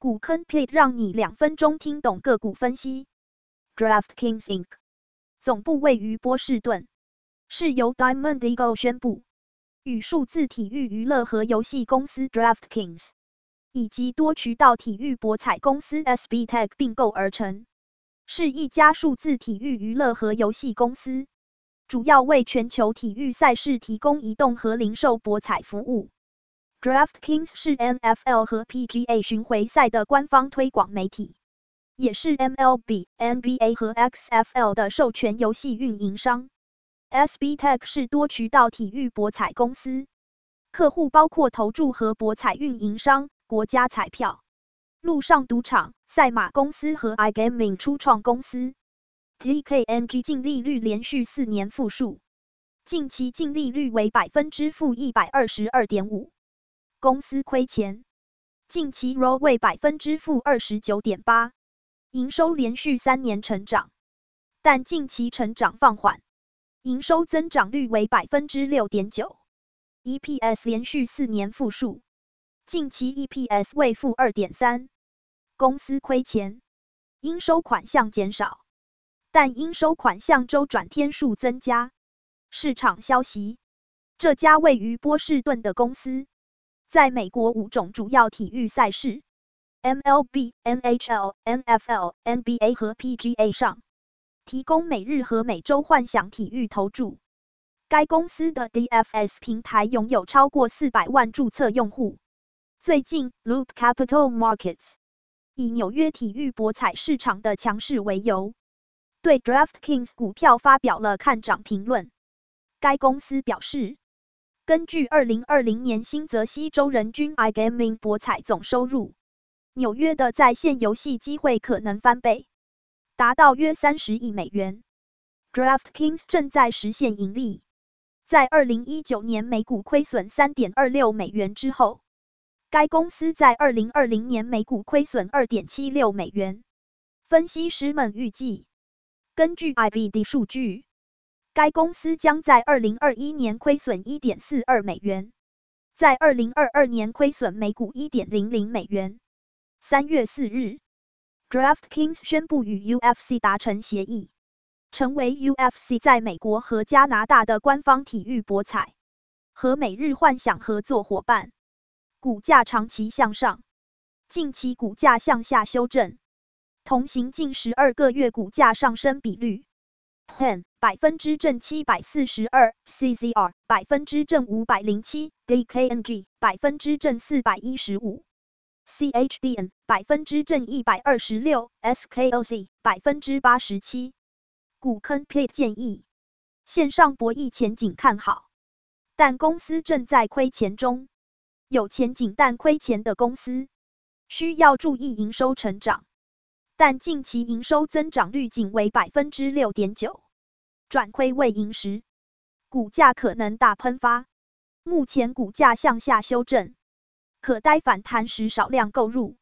股坑 plate 讓你兩分鐘聽懂個股分析。DraftKings Inc. 總部位於波士頓，是由 Diamond Eagle 宣布與數字體育娛樂和遊戲公司 DraftKings 以及多渠道體育博彩公司 SBTech 併購而成，是一家數字體育娛樂和遊戲公司，主要為全球體育賽事提供移動和零售博彩服務。DraftKings 是 NFL 和 PGA 巡迴賽的官方推廣媒體，也是 MLB、NBA 和 XFL 的授權遊戲運營商。SBTech 是多渠道體育博彩公司，客戶包括投注和博彩運營商、國家彩票、陸上賭場、賽馬公司和 iGaming 初創公司。DKNG 淨利率連續四年負數，近期淨利率為百分之負一百二十二點五。公司虧錢，近期 ROE 為百分之負二十九點八，營收連續三年成長，但近期成長放緩，營收增長率為百分之六點九，EPS 連續四年負數，近期 EPS 為負二點三，公司虧錢，應收款項減少，但應收款項周轉天數增加。市場消息，這家位於波士頓的公司。在美國五種主要體育賽事 （MLB、NHL、NFL、NBA 和 PGA） 上提供每日和每周幻想體育投注。該公司的 DFS 平台擁有超過400萬注冊用戶。最近，Loop Capital Markets 以紐約體育博彩市場的強勢為由，對 DraftKings 股票發表了看漲評論。該公司表示。根據2020年新澤西州人均 iGaming 博彩總收入，紐約的在線遊戲機會可能翻倍，達到約30億美元。DraftKings 正在實現盈利，在2019年每股虧損3.26美元之後，該公司在2020年每股虧損2.76美元。分析師們預計，根據 IBD 數據，該公司將在2021年虧損1.42美元，在2022年虧損每股1.00美元。三月四日，DraftKings 宣布與 UFC 達成協議，成為 UFC 在美國和加拿大的官方體育博彩和每日幻想合作伙伴。股價長期向上，近期股價向下修正，同行近十二個月股價上升比率。PEN 百分之正七百四十二，CZR 百分之正五百零七，DKNG 百分之正四百一十五，CHDN 百分之正一百二十六，SKOC 百分之八十七。股坑 plate 建議：線上博弈前景看好，但公司正在虧錢中。有前景但虧錢的公司，需要注意營收成長。但近期營收增長率僅為百分之六點九，轉虧為盈時，股價可能大噴發。目前股價向下修正，可待反彈時少量購入。